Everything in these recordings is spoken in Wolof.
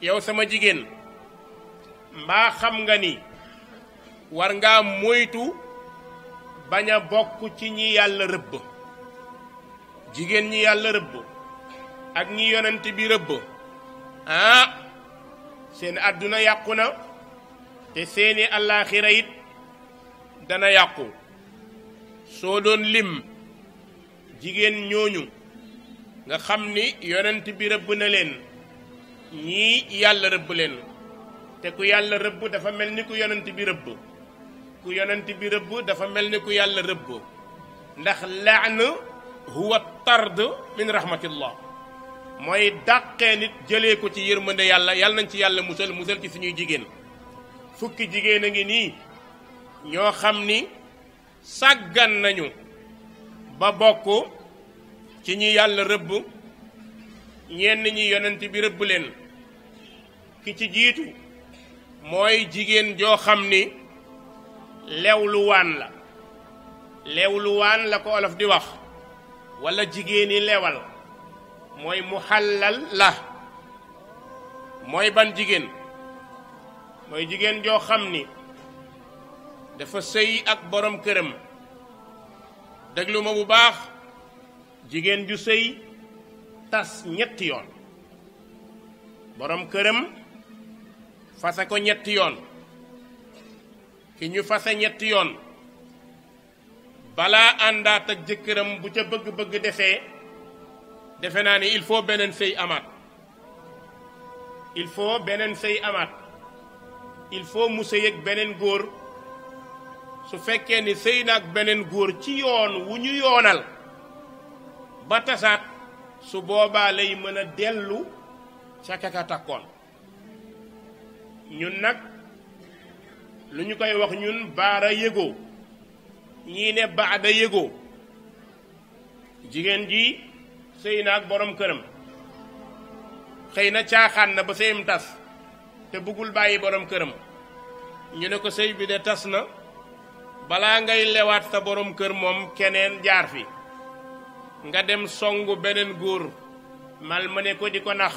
yow sama jigéen mbaa xam nga ni war ngaa moytu bañ a bokk ci ñi yàlla rëbb jigéen ñi yàlla rëbb ak ñi yonent bi rëbb ah seen àdduna yàqu na te seeni allaaxira it dana yàqu soo doon lim jigéen ñooñu nga xam ni yonent bi rëbb na leen ñii yàlla rëbb leen te ku yàlla rëbb dafa mel ni ku yonent bi rëbb ku yonent bi rëbb dafa mel ni ku yàlla rëbb ndax laan huwa tard min rahmatillah mooy dàqee nit jëlee ko ci yërmande yàlla yàlla nañ ci yàlla musal musal ci ñuy jigéen fukki jigéen a ngi nii ñoo xam ni sàggan nañu ba bokk ci ñu yàlla rëbb ñenn ñi yonent bi rëbb leen ki ci jiitu mooy jigéen joo xam ni lewluwaan la lewluwaan la ko olof di wax walla jigéeni lewal mooy mu xàllal la mooy ban jigéen mooy jigéen joo xam ni dafa sëy ak boroom këram déglu ma bu baax jigéen ju sëy tas ñetti yoon borom këram fasé ko ñetti yoon ki ñu fasé ñetti yoon bala anda ak jëkkëram bu ca bëgg-bëgg défé défé na ni il faut benen sey amat il faut benen sey amat il faut mu sey ak beneen su fekké ni sey nak benen goor ci yoon wu ñu yoonal ba tassat su boba lay mëna déllu ca kaka takkon ñun nag lu ñu koy wax ñun baara yëgoo ñii ne baada yëgoo jigéen ji sëy na ak boroom këram xëy na caaxaan na ba sëyam tas te bëggul bàyyi borom këram ñu ne ko sëy bi de tas na balaa ngay lewaat sa borom kër moom keneen jaar fi nga dem songu beneen góor mal ma ne ko di ko nax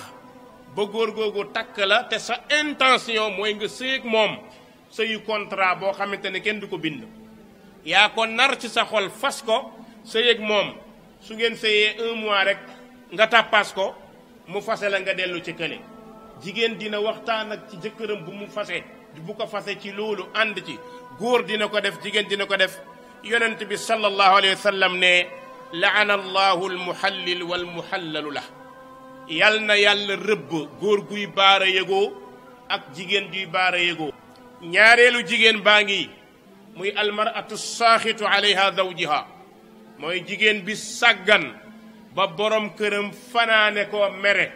ba góor googu takk la te sa intention mooy nga sëyeeg moom sëyu contrat boo xamante ne kenn du ko bind yaa ko nar ci sa xol fas ko sëyeeg moom su ngeen sëyee un mois rek nga tàppaas ko mu fase la nga dellu ci kële jigéen dina waxtaan ak ci jëkkëram bu mu fase bu ko fase ci loolu ànd ci góor dina ko def jigéen dina ko def yonent bi sallallahu alayhi wa sallam ne laana allahu almuhallil walmuhallalu la yal na yàlla rëbb góor guy baara yëgoo ak jigéen juy baara yëgoo ñaareelu jigéen baa ngi muy almaratu saaxitu alayha zawjiha mooy jigéen bi sàggan ba borom këram fanaane ko mere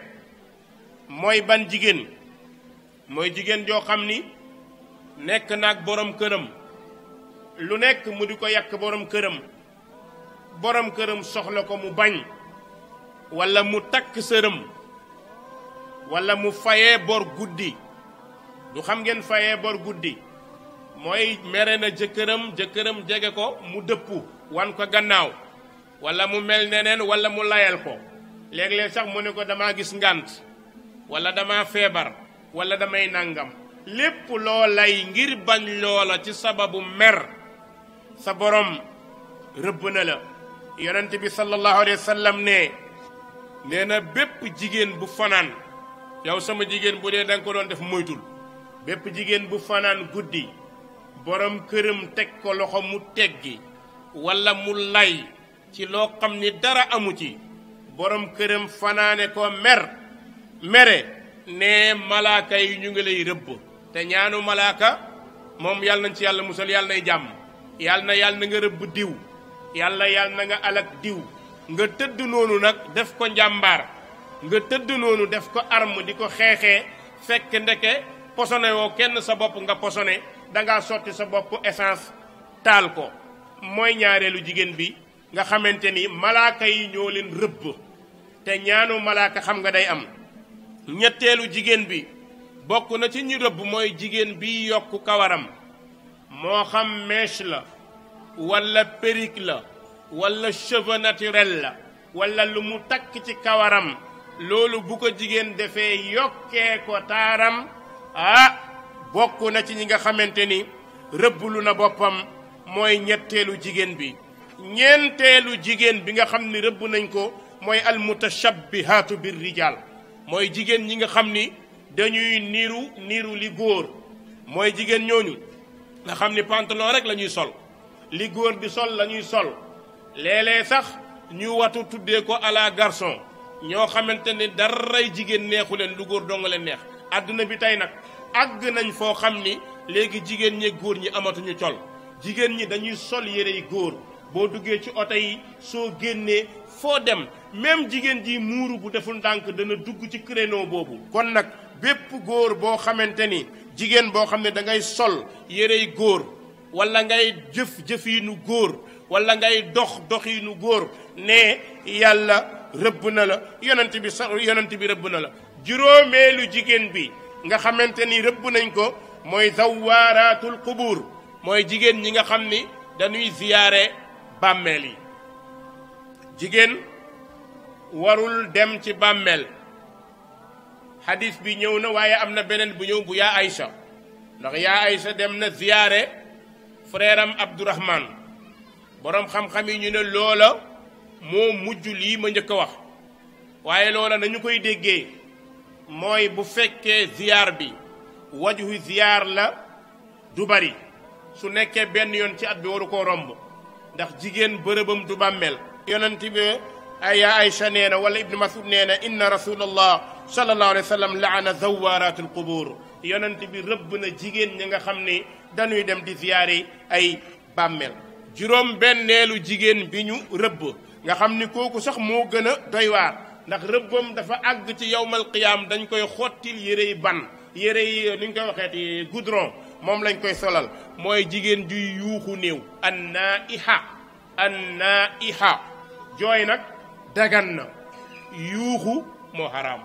mooy ban jigéen mooy jigéen joo xam ni nekk naag borom këram lu nekk mu di ko yàq borom këram borom këram soxla ko mu bañ walla mu takk sërëm walla mu fayee bor guddi du xam ngeen fayee bor guddi mooy mere na jëkkëram jëkkëram jege ko mu dëpp wan ko gannaaw walla mu mel neneen walla mu layal ko léeg sax mu ne ko dama gis ngànt walla dama feebar walla damay nàngam lépp loo ngir bañ loola ci sababu mer sa boroom rëbb na la yonent bi sallallahu alayhi wa ne nee na bépp jigéen bu fanaan yow sama jigéen bu dee da nga ko doon def moytul bépp jigéen bu fanaan guddi borom këram teg ko loxo mu teggi walla mu lay ci loo xam ni dara amu ci borom këram fanaane ko mer mere ne malaaka yi ñu ngi lay rëbb te ñaanu malaaka moom yàlla nañ ci yàlla musal yàlla nay jàmm yàlla na yàlla na nga rëbb diw yàlla yàlla na nga alak diw nga tëdd noonu nag def ko njàmbaar nga tëdd noonu def ko arme di ko xeexee fekk ndeke posone kenn sa bopp nga posone danga sotti sa bopp essence taal ko mooy ñaareelu jigéen bi nga xamante ni malaaka yi ñoo leen rëbb te ñaanu malaaka xam nga day am ñetteelu jigéen bi bokk na ci ñu rëbb mooy jigéen bi yokk kawaram moo xam mèche la walla perruque la wala cheveux naturel la walla lu mu takk ci kawaram loolu bu ko jigéen defee yokkee ko taaram ah bokk na ci ñi nga xamante ni rëbblu na boppam mooy ñetteelu jigéen bi ñeenteelu jigéen bi nga xam ni rëbb nañ ko mooy bi almutashabbihaatu biir rijaal mooy jigéen ñi nga xam ni dañuy niru niru li góor mooy jigéen ñooñu nga xam ni pantalon rek la ñuy sol li góor di sol la ñuy sol léeg sax ñu watu tuddee ko à la garçon ñoo xamante ne daray jigéen neexu leen lu góor dong leen neex àdduna bi tey nag àgg nañ foo xam ni léegi jigéen ñi góor ñi amatuñu col jigéen ñi dañuy sol yére yi góor boo duggee ci ote yi soo génnee foo dem même jigéen ji muuru bu deful ndànk dana dugg ci créneau boobu kon nag bépp góor boo xamante ni jigéen boo xam ne da ngay sol yérey góor wala ngay jëf jëfiinu góor wala ngay dox doxiinu góor ne yàlla rëbb na la yonent bi sax yonent bi rëbb na la juróomeelu jigéen bi nga xamante ni rëbb nañ ko mooy zawaaraatul qubuur mooy jigéen ñi nga xam ni dañuy ziyaare bàmmeel yi jigéen warul dem ci bàmmeel xadis bi ñëw na waaye am na beneen bu ñëw bu yaa Aysa ndax yaa Aysa dem na ziyaare frère am Abdourahman borom xam-xam yi ñu ne loola moo mujj lii ma njëkk wax waaye loola nañu koy déggee mooy bu fekkee ziar bi wajhu ziar la du bari su nekkee benn yoon ci at bi waru koo romb ndax jigéen bërëbam du bàmmel yonent bi ay aïcha nee na wala ibnu masud nee na inna rasulallah sallallahu alayhi wa sallam laana zawarat alqubur yonent bi rëbb na jigéen ñi nga xam dañuy dem di ziyaari ay bàmmel juróom neelu jigéen bi ñu rëbb nga xam ni kooku sax moo gën a doy waar ndax rëbbam dafa àgg ci yowmal qiyaam dañ koy xottil yérey ban yérey euh, ni ñu koy waxeeti goudron moom lañ koy solal mooy jigéen juy yuuxu néew an naa iha an naa iha jooy nag dagan na yuuxu moo xaraam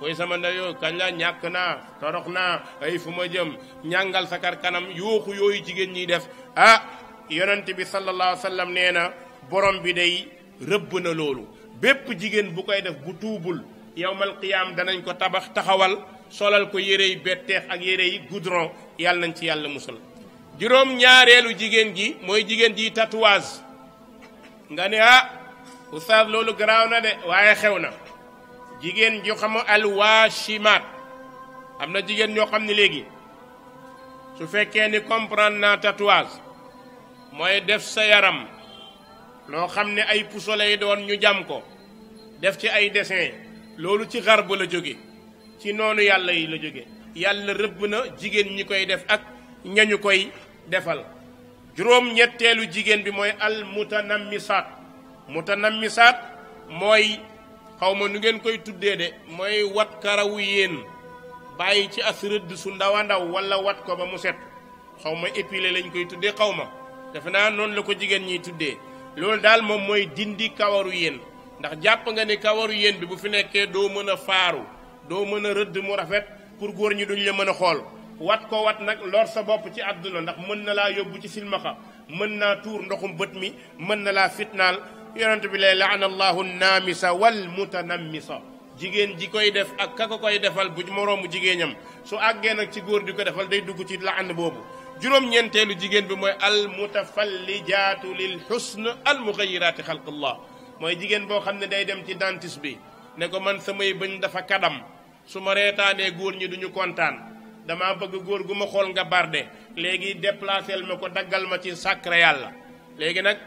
koy sama ndeyoo kañ la ñàkk naa torox naa ay fu ma jëm ñàngal sa kar kanam yuuxu yooyu jigéen ñiy def ah, yonent bi sallallahu alayhi wa na borom bi day rëbb na loolu bépp jigéen bu koy def bu tuubul yowmal qiyaam danañ ko tabax taxawal solal ko yére yi betteex ak yére yi goudron yàlla nañ ci yàlla musal juróom ñaareelu jigéen gi mooy jigéen ji tatouage nga ne ah oustaz loolu garaaw na de waaye xew na jigéen ju xam alwaashimaat am na jigéen ñoo xam ne léegi su fekkee ni comprendre naa tatouage mooy def sa yaram loo xam ne ay puso lay doon ñu jam ko def ci ay dessin loolu ci xar ba la jóge ci noonu yàlla yi la jóge yàlla rëbb na jigéen ñi koy def ak ñañu koy defal juróom ñetteelu jigéen bi mooy al mutanammisaat mutanammisaat mooy xawma nu ngeen koy tuddee de mooy wat karawu yéen bàyyi ci as rëdd su ndawa ndaw wala wat ko ba mu set xaw ma épilé lañ koy tuddee xaw ma defe naa noonu la ko jigéen ñiy tuddee loolu daal moom mooy dindi kawaru yéen ndax jàpp nga ni kawaru yéen bi bu fi nekkee doo mën a faaru doo mën a rëdd mu rafet pour góor ñi duñ leen mën a xool wat ko wat nag lor sa bopp ci àdduna ndax mën na laa yóbbu ci silmaxa mën naa tuur ndoxum bët mi mën na laa fitnaal yonent bi lay naa mi sa wal mi mutanammisa jigéen ji koy def ak ka koy defal bu moroomu jigéenam su àggee nag ci góor di ko defal day dugg ci laan boobu juróom-ñeenteelu jigéen bi mooy al mutafallijaatu lil xusn al muxayiraati xalqallah mooy jigéen boo xam ne day dem ci dantist bi ne ko man samay bëñ dafa kadam su ma reetaanee góor ñi duñu kontaan dama bëgg góor gu ma xool nga barde léegi déplacé ma ko daggal ma ci sacré yàlla léegi nag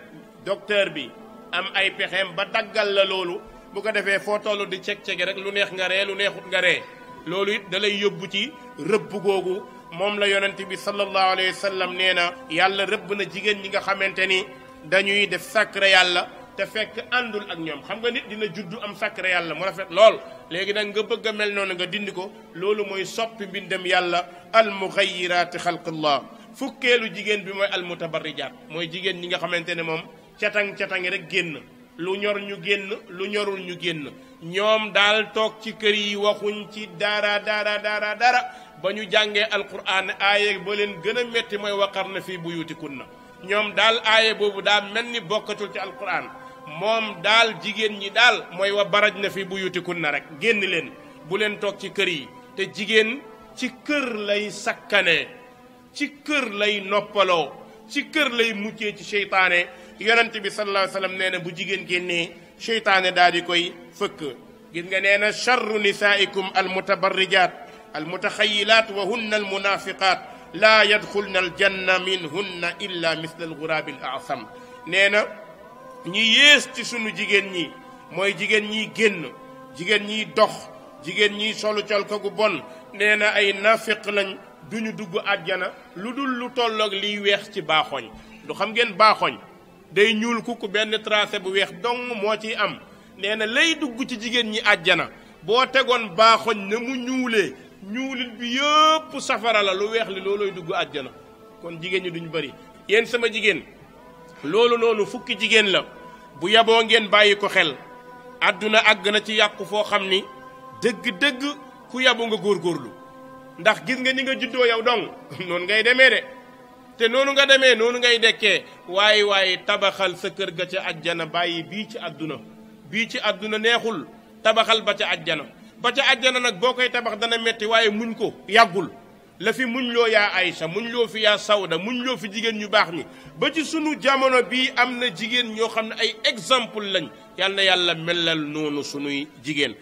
docteur bi am ay pexeem ba daggal la loolu bu ko defee foo tollu di ceg-cege rek lu neex nga ree lu neexut nga ree loolu it da lay yóbbu ci rëbb googu moom la yonent bi sallallahu alayhi wa sallam nee na yàlla rëbb na jigéen ñi nga xamante ni dañuy def sàkkara yàlla te fekk àndul ak ñoom xam nga nit dina juddu am sàkkara yàlla mu rafet lool léegi nag nga bëgg a mel noonu nga dindi ko loolu mooy soppi mbindam yàlla almuxayiraati xalqillah fukkeelu jigéen bi mooy almutabarrijaat mooy jigéen ñi nga xamante ne moom catang catangi rek génn lu ñor ñu génn lu ñorul ñu génn ñoom daal toog ci kër yi waxuñ ci dara dara dara dara ba ñu jàngee alquran aaye ba leen gën a métti mooy waqar na fii na ñoom daal aaye boobu daa mel ni bokkatul ci alquran moom daal jigéen ñi daal mooy wa baraj na fi bu na rek génn leen bu leen toog ci kër yi te jigéen ci kër lay sakkane ci kër lay noppaloo ci kër lay muccee ci seytaane yonent bi sallallahu alayhi wa sallam nee na bu jigéen génnee seytaane daal di koy fëkk gis nga nee na charru nisaikum almutabarrijat almutaxayilat wa hunna almunafiqat laa yadxulna aljanna minhunna illa misla alguraabi al asam nee na ñi yées ci sunu jigéen ñi mooy jigéen ñiy génn jigéen ñiy dox jigéen ñiy solu col ko gu bon nee na ay nafiq lañ duñu dugg àjjana lu dul lu tolloog liy weex ci baaxoñ lu xam ngeen baaxoñ day ñuul kukk benn tracé bu weex dong moo ciy am nee na lay dugg ci jigéen ñi àjjana boo tegoon baaxoñ ne mu ñuulee ñuulit bi yëpp safara la lu weex li loolooy dugg àjjana kon jigéen ñi duñ bëri yéen sama jigéen loolu noonu fukki jigéen la bu yaboo ngeen bàyyi ko xel àdduna àgg na ci yàqu foo xam ni dëgg-dëgg ku yabu nga góor góorlu ndax gis nga ni nga juddoo yow dong noonu ngay demee de te noonu nga demee noonu ngay dekkee waaye waaye tabaxal sa kër ga ca ajjana bàyyi bii ci àdduna bii ci àdduna neexul tabaxal ba ca ajjana ba ca àjjana nag boo koy tabax dana metti waaye muñ ko yàggul la fi muñ loo yaa Aysa muñ loo fi yaa Sawda muñ loo fi jigéen ñu baax ñi ba ci suñu jamono bii am na jigéen ñoo xam ne ay exemple lañ yal yàlla melal noonu suñuy jigéen